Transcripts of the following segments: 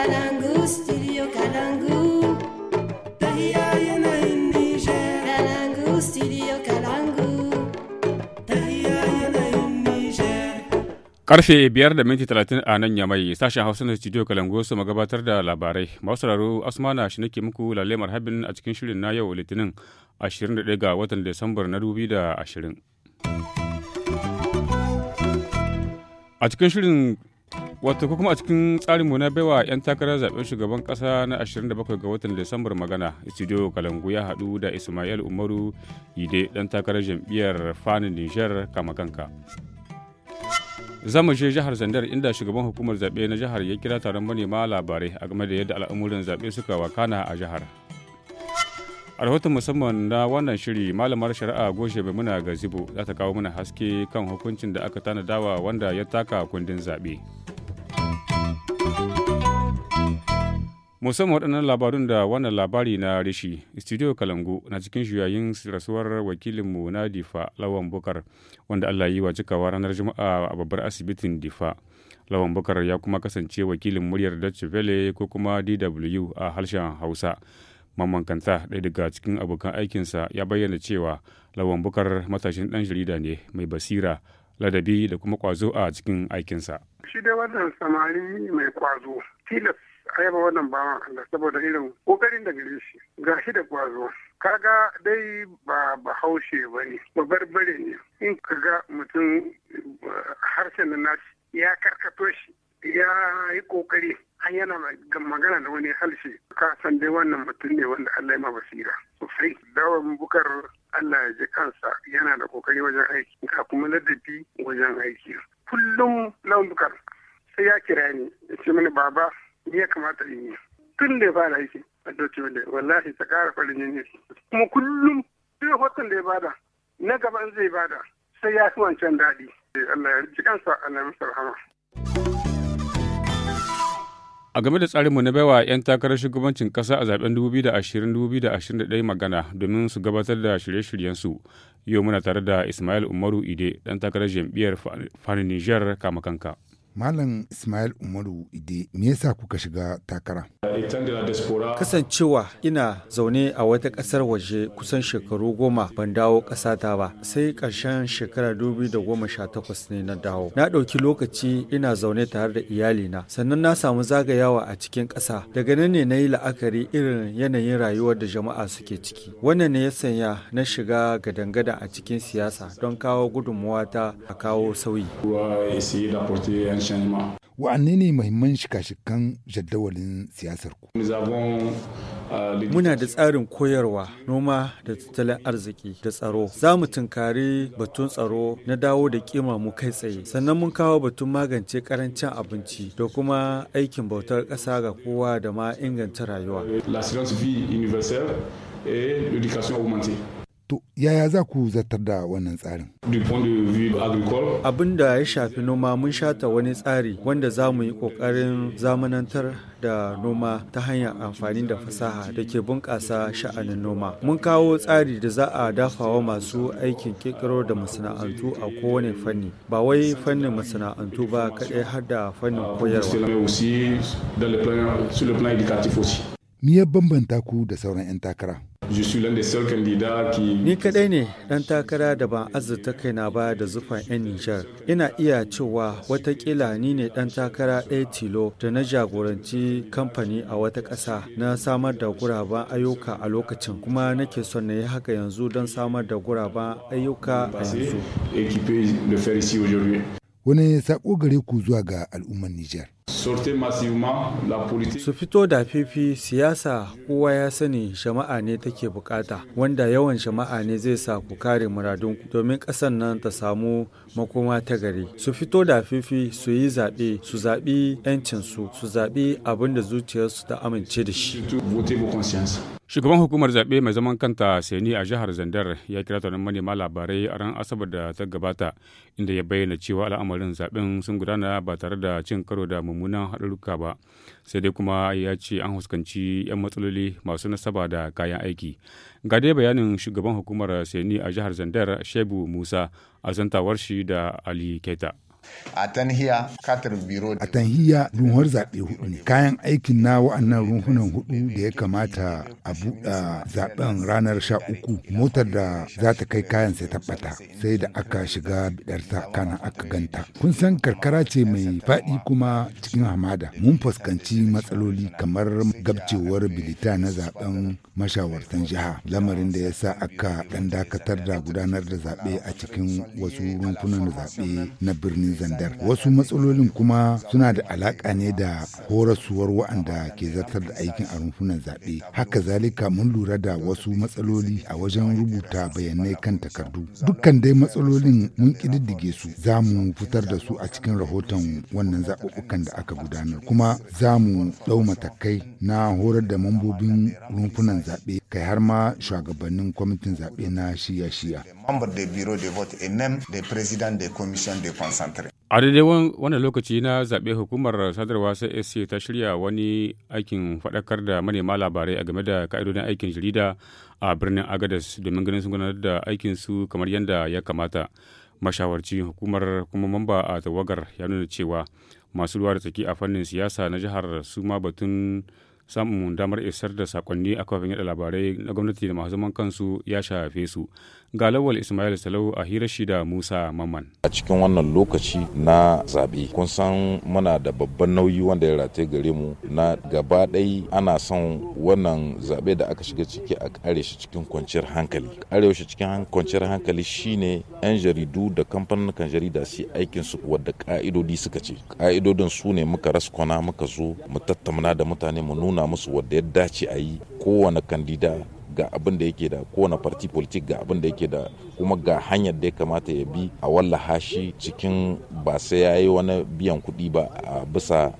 Karfe 5 da minti 30 a nan yamai sashen Hausa na studio Kalangu su magabatar da labarai. Masu sauraro Asmana shi nake muku lalle marhabin a cikin shirin na yau Litinin 21 ga watan Desambar na 2020. A cikin shirin wato ko kuma a cikin tsarinmu na baiwa 'yan takarar zaɓen shugaban ƙasa na 27 ga watan disambar magana studio kalangu ya haɗu da ismail umaru ide ɗan takarar jam'iyyar fani nijar kama kanka za mu je jihar zandar inda shugaban hukumar zaɓe na jihar ya kira taron manema labarai a game da yadda al'amuran zaɓe suka wakana a jihar a rahoton musamman na wannan shiri malamar shari'a goshe bai muna gazibo za ta kawo mana haske kan hukuncin da aka tanadawa wanda ya taka kundin zaɓe. musamman waɗannan labarun da wannan labari na rishi studio kalangu na cikin shuyayin rasuwar wakilinmu na difa lawan bukar wanda allah yi wa cikawa ranar juma'a a babbar asibitin difa lawan bukar ya kuma kasance wakilin muryar dutch valley ko kuma dw a harshen hausa mamman kanta ɗaya daga cikin abokan aikinsa ya bayyana cewa lawan bukar matashin ɗan jarida ne mai basira ladabi da kuma kwazo a cikin aikinsa. Shi dai wannan samari mai kwazo tilas a yaba wannan bawan Allah saboda irin kokarin da gare shi ga shi da kwazo kaga dai ba bahaushe ba ne ba barbare ne in ka ga mutum eh, harshen da nashi ya karkato shi ya yi kokari an yana magana da wani halshe ka san dai wannan mutum ne wanda Allah ya ma basira sosai dawon bukar Allah ya ji kansa yana da kokari wajen aiki ka kuma ladabi wajen aiki kullum lawan bukar sai ya kira ni ya ce mini baba ni ya kamata in yi tun da ya fara aiki a doce wanda wallahi ta kara farin jini kuma kullum duk watan da ya bada na gaban zai bada sai ya fi wancan daɗi Allah ya ji kansa Allah ya masa rahama A game da tsarinmu na baiwa 'yan takarar shugabancin ƙasa a zaben 2020-2021 magana domin su gabatar da shirye-shiryensu, yau muna tare da Ismail Umaru Ide, ɗan takarar jam'iyyar Fani kama kanka. Malam Ismail Umaru Ide, me yasa kuka shiga takara? Kasancewa ina zaune a wata ƙasar waje kusan shekaru goma ban dawo ƙasata ba, sai ƙarshen shekara takwas ne na dawo. Na ɗauki lokaci ina zaune tare da iyalina, sannan na samu zagayawa a cikin ƙasa. Daga nan ne na yi la'akari irin yanayin rayuwar da jama'a suke ciki. Wannan ne ya sanya na shiga gadangada a cikin siyasa don kawo gudunmuwa ta a kawo sauyi. Wa'anne ne muhimman shika-shikan jadawalin siyasar ku? Ah, Muna da tsarin koyarwa, noma da tattalin arziki da tsaro. Za mu tunkari batun tsaro na dawo da kima mu kai tsaye. Sannan mun kawo batun magance karancin abinci da kuma aikin bautar ƙasa ga kowa da ma inganta rayuwa. La To yaya za ku zartar da wannan tsarin? Abin da ya shafi noma mun shata wani tsari wanda za mu yi ƙoƙarin zamanantar da noma ta hanyar amfani da fasaha da ke bunƙasa sha'anin noma. Mun kawo tsari da za a dafawa masu aikin ƙirƙiro da masana'antu a kowane fanni. Ba wai fannin masana'antu ba kaɗai har da fannin koyarwa. Me ya bambanta ku da sauran 'yan takara? Ni kaɗai ne ɗan takara da ban azurta na ba da zufan 'yan Nijar. Ina iya cewa watakila ni ne ɗan takara ɗaya tilo da na jagoranci kamfani a wata ƙasa na samar da guraben ayyuka a lokacin kuma nake son na yi haka yanzu don samar da guraben ayyuka a yanzu. Wani saƙo gare ku zuwa ga al'ummar Nijar. su fito da fifi siyasa kowa ya sani jama'a ne take bukata wanda yawan jama'a ne zai sa ku kare muradunku domin ƙasan nan ta samu makoma ta gari su fito da fifi su yi zaɓe su zaɓi 'yancinsu su zaɓi abin da zuciyarsu ta amince da shi shugaban hukumar zaɓe mai zaman kanta seni a jihar zandar ya kira taron manema labarai a ran asabar da ta gabata inda ya bayyana cewa al'amarin zaɓen sun gudana ba tare da cin karo da mummunan haɗarurruka ba sai dai kuma ya ce an huskanci 'yan matsaloli masu nasaba da kayan aiki Ga dai bayanin shugaban hukumar Seni a jihar Zandar Shebu Musa a zantawar shi da Ali Keta. a tanhiya katar biro a tanhiya ruhuwar zaɓe hudu ne kayan aikin na wa'annan ruhunan hudu da ya kamata a buɗa zaɓen ranar sha uku motar da za ta kai kayan sai tabbata sai da aka shiga bidarta kana aka ganta kun san karkara ce mai faɗi kuma cikin hamada mun fuskanci matsaloli kamar gabcewar bilita na zaɓen mashawartan jiha lamarin da ya sa aka ɗan dakatar da gudanar da zaɓe a cikin wasu rumfunan zaɓe na birnin zandar wasu matsalolin kuma suna da alaƙa ne da horasuwar wa'anda ke zartar da aikin a rumfunan zaɓe haka zalika mun lura da wasu matsaloli a wajen rubuta bayanai kan takardu dukkan dai matsalolin mun ƙididdige su za mu fitar da su a cikin rahoton wannan zaɓuɓɓukan da aka gudanar kuma za mu ɗau matakai na horar da mambobin rumfunan zaɓe kai har ma shugabannin kwamitin zaɓe na shiya-shiya. A daidai wannan lokaci na zaɓe hukumar sadarwa sai SC ta shirya wani aikin faɗakar da manema labarai a game da ka'idodin aikin jarida a birnin Agadas domin ganin sun gudanar da aikin su kamar yadda ya kamata. mashawarci hukumar kuma mamba a tawagar ya nuna cewa masu ruwa da tsaki a fannin siyasa na jihar su ma batun samun damar isar da sakonni a kafin yada labarai na gwamnati da masu zaman kansu ya shafe su ga lawal ismail salau a hira shi da musa maman a cikin wannan lokaci na zaɓe kun san muna da babban nauyi wanda ya rataye gare mu na gaba ɗai ana son wannan zaɓe da aka shiga ciki a kare shi cikin kwanciyar hankali kare shi cikin kwanciyar hankali shine 'yan jaridu da kamfanin jarida su aikin su wadda ka'idodi suka ce ka'idodin su ne muka raskwana muka zo mu tattauna da mutane mu nuna musu wadda ya dace a yi kowane kandida ga abin da yake da kowane parti politik ga abin da yake da kuma ga hanyar da ya kamata ya bi a wallaha shi cikin ba sai ya yi wani biyan kuɗi ba a bisa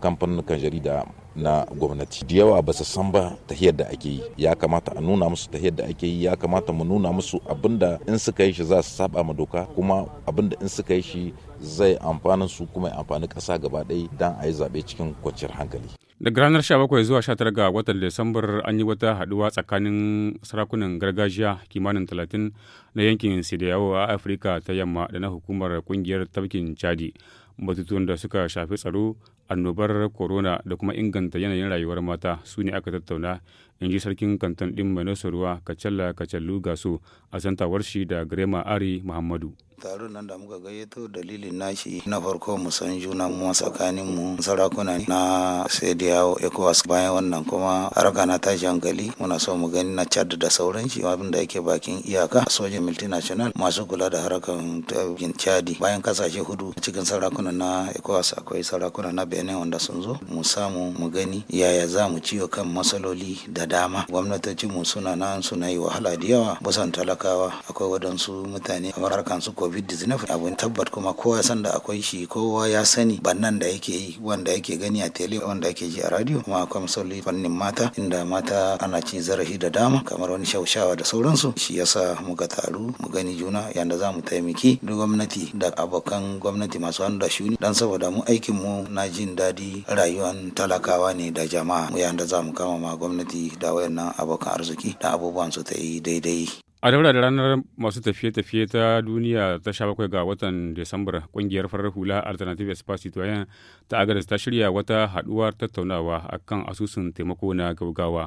kamfanin jarida na gwamnati da yawa ba su san ba tahiyar da ake yi ya kamata a nuna musu tahiyar da ake yi ya kamata mu nuna musu abinda in suka yi shi za su saba ma doka kuma abinda in suka yi shi zai amfanin su kuma ya amfani kasa gaba ɗaya don a yi zaɓe cikin kwanciyar hankali daga ranar 17 zuwa 19 ga watan disambar an yi wata haduwa tsakanin sarakunan gargajiya kimanin 30 na yankin sidiyawo a afirka ta yamma da na hukumar kungiyar tafkin chadi batutun da suka shafi tsaro annobar corona da kuma inganta yanayin rayuwar mata su ne aka tattauna in ji sarkin kantan ɗin mai nasarwa kacalla kacallu gaso a santawar shi da grema ari muhammadu taron nan da muka gayyato dalilin nashi na farko mu san juna mu tsakanin mu sarakuna na sediyawo ecowas bayan wannan kuma haraka na tashi hankali muna so mu gani na chad da sauran shi abin da yake bakin iyaka sojin multinational masu kula da harkan tabin chadi bayan kasashe hudu cikin sarakuna na ecowas akwai sarakuna na benin wanda sun zo mu samu mu gani yaya za mu ciyo kan matsaloli da da dama gwamnatocinmu suna nan suna yi wahala da yawa busan talakawa akwai waɗansu mutane kamar harkar su covid-19 abu tabbat kuma kowa san da akwai shi kowa ya sani bannan da yake yi wanda yake gani a tele wanda yake ji a radio kuma akwai misali fannin mata inda mata ana ci zarafi da dama kamar wani shaushawa da sauransu shi yasa muka taru mu gani juna yanda za mu taimaki duk gwamnati da abokan gwamnati masu hannu da shuni dan saboda mu aikin mu na jin daɗi rayuwan talakawa ne da jama'a mu yanda za mu kama ma gwamnati da wayannan abokan arziki da abubuwan su ta yi daidai a daura da ranar masu tafiye-tafiye ta duniya ta sha bakwai ga watan disambar kungiyar farar hula alternative espace citoyen ta agadas ta shirya wata haɗuwar tattaunawa akan asusun taimako na gaugawa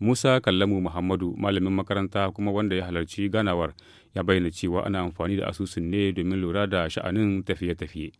musa kallamu muhammadu malamin makaranta kuma wanda ya halarci ganawar ya bayyana cewa ana amfani da asusun ne domin lura da sha'anin tafiye-tafiye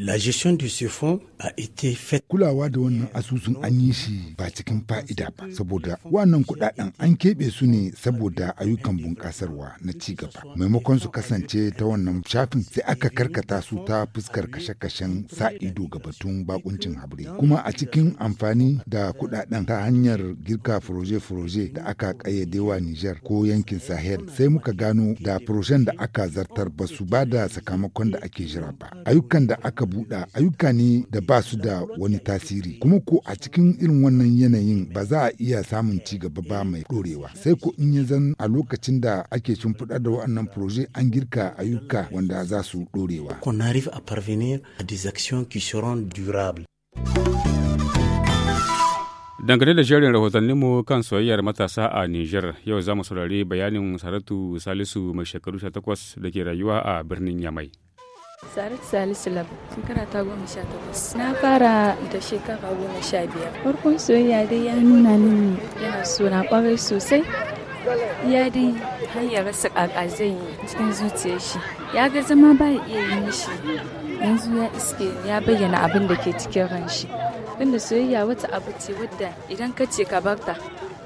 La gestion de ce fonds a été faite. Kulawa da wannan asusun an yi shi ba cikin fa'ida ba, saboda wannan kudaden an keɓe su ne saboda ayyukan bunƙasarwa na ci gaba. Maimakon su kasance ta wannan shafin sai aka karkata su ta fuskar kashe-kashen sa ido ga batun bakuncin habre. Kuma a cikin amfani da kudaden ta hanyar girka furoje-furoje da aka ƙayyade wa Nijar ko yankin Sahel sai muka gano da furojen da aka zartar ba su ba da sakamakon da ake jira ba. Ayyukan da aka aka buɗa ayyuka ne da ba su da wani tasiri kuma ko a cikin irin wannan yanayin ba za a iya samun ci gaba ba mai ɗorewa sai ko in ya zan a lokacin da ake shimfiɗar da wannan proje an girka ayyuka wanda za su ɗorewa. Qu'on a parvenir des Dangane da shirin rahotanninmu kan soyayyar matasa a Nijar, yau za mu saurari bayanin Saratu Salisu mai shekaru 18 da ke rayuwa a birnin Yamai. Saratu Salisu Labu, shekara ta goma sha takwas. Na fara da shekara goma sha biyar. Farkon soyayya dai ya nuna min yana so na kwarai sosai. Ya dai har ya rasa kaka zai yi cikin zuciyar shi. Ya ga zama ba ya iya yi mishi. Yanzu ya iske ya bayyana abin da ke cikin ran shi. Tunda soyayya wata abu ce wadda idan ka ce ka barta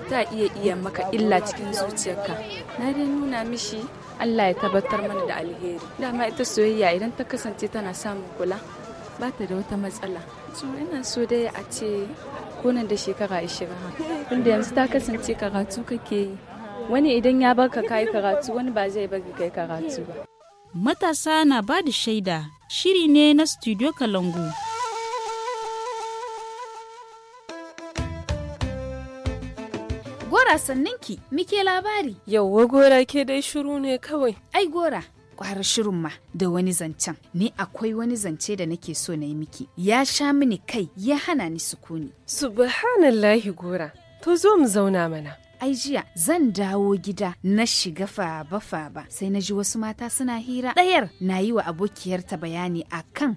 ta iya iya maka illa cikin zuciyarka na dai nuna mishi Allah ya tabbatar mana da alheri dama ita soyayya idan ta kasance tana samun kula ba ta da wata matsala so ina so dai a ce kunan da shekara 20 tunda yanzu ta kasance karatu kake yi wani idan ya baka kai karatu wani ba zai baka kai karatu ba matasa na ba da shaida shiri ne na studio kalangu Gora ki muke labari. Yauwa gora ke dai shiru ne kawai. Ai gora, kwara shirin ma da wani zancen ni akwai wani zance da nake so na yi miki ya sha mini kai ya hana ni sukuni subhanallahi gora to zo mu zauna mana ai jiya zan dawo gida na shiga faba faba sai na ji wasu mata suna hira ɗayar na yi wa abokiyarta bayani akan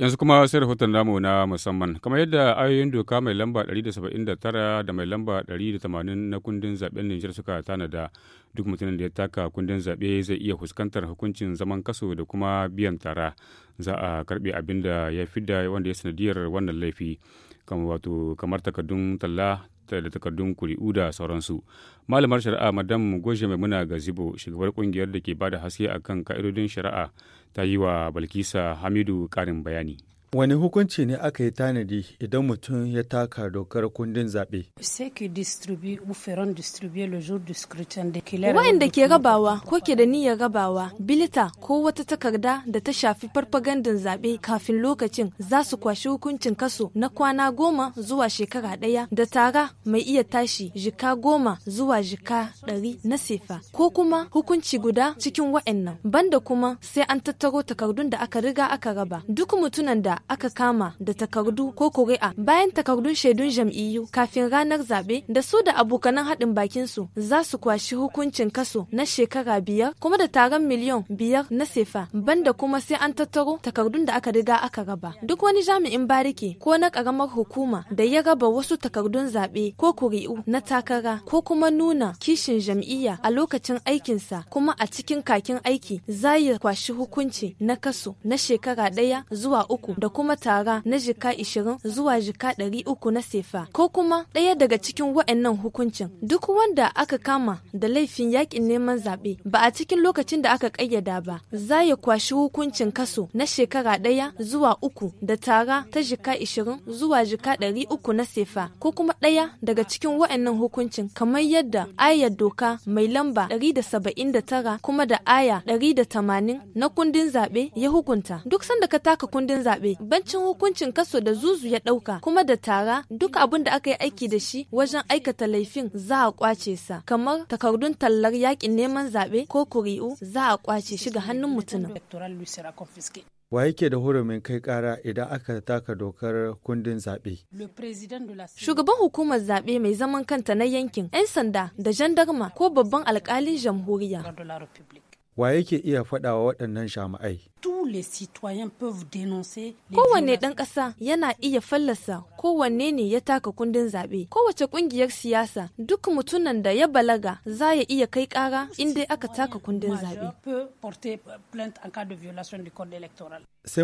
Yanzu kuma sai rahoton namu na musamman, kamar yadda ayoyin doka mai lamba 179 da mai lamba 180 na kundin zaben Nijar suka tanada duk mutumin da ya taka kundin zaɓe zai iya fuskantar hukuncin zaman kaso da kuma biyan tara za a karɓe abinda ya fi da wanda ya sanadiyar wannan laifi kamar kamar takardun talla da takardun kuri'u da sauransu malamar shari'a madam goje mai muna zibo shugabar kungiyar da ke bada haske akan ka'idodin shari'a ta yi wa balkisa hamidu karin bayani Wani hukunci ne aka yi tanadi idan mutum ya taka dokar kundin zaɓe? Wa'inda ke rabawa ko ke da niyyar rabawa bilita ko wata takarda da ta shafi farfagandun zaɓe kafin lokacin za su kwashi hukuncin kaso na kwana goma zuwa shekara ɗaya da tara mai iya tashi jika goma zuwa jika ɗari na sefa ko kuma hukunci guda cikin wa'annan banda kuma sai an tattaro takardun da aka riga aka raba duk mutunan da aka kama da takardu ko kuri'a bayan takardun shaidun jam'iyyu kafin ranar zaɓe da su da abokanan haɗin bakin su za su kwashi hukuncin kaso na shekara biyar kuma da taron miliyan biyar na sefa banda kuma sai an tattaro takardun da aka riga aka raba duk wani jami'in bariki ko na ƙaramar hukuma da ya raba wasu takardun zaɓe ko kuri'u na takara ko kuma nuna kishin jam'iyya a lokacin aikinsa kuma a cikin kakin aiki za ya kwashi hukunci na kaso na shekara ɗaya zuwa uku da kuma tara na jika 20 zuwa jika 300 na sefa ko kuma ɗaya daga cikin waɗannan hukuncin duk wanda aka kama da laifin yakin neman zaɓe ba a cikin lokacin da aka ƙayyada ba za ya kwashi hukuncin kaso na shekara ɗaya zuwa uku da tara ta jika 20 zuwa jika 300 na sefa ko kuma ɗaya daga cikin wa'annan hukuncin kamar yadda ayar doka mai lamba 179 kuma da aya 180 na kundin zaɓe ya hukunta duk sanda ka taka kundin zaɓe bancin hukuncin kaso da zuzu ya ɗauka kuma da tara duk abin da aka yi aiki da shi wajen aikata laifin za a kwace sa kamar takardun tallar yakin neman zaɓe ko kuri'u za a kwace shi ga hannun mutumin. Wa yake da hurumin kai kara idan aka taka dokar kundin zaɓe? Shugaban hukumar zaɓe mai zaman kanta na yankin, 'yan sanda da jandarma ko babban alƙalin jamhuriya. wa yake iya faɗa wa waɗannan shama'ai? Kowanne ɗan ƙasa yana iya fallasa kowanne ne ya taka kundin zaɓe. Kowace ƙungiyar siyasa duk mutunan da ya balaga za ya iya kai ƙara inda aka taka kundin zaɓe.